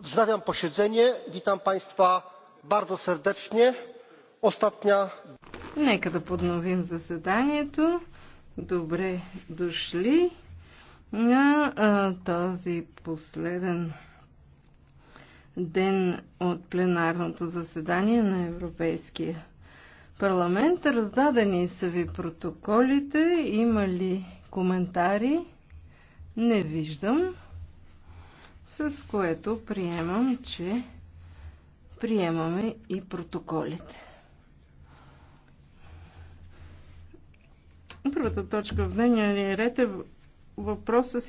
Wznawiam posiedzenie. Witam Państwa bardzo serdecznie. Ostatnia... Нека да подновим заседанието. Добре дошли на този последен ден от пленарното заседание на Европейския парламент. Раздадени са ви протоколите. Има ли коментари? Не виждам. С което приемам, че приемаме и протоколите. Първата точка в дневния ред е въпроса си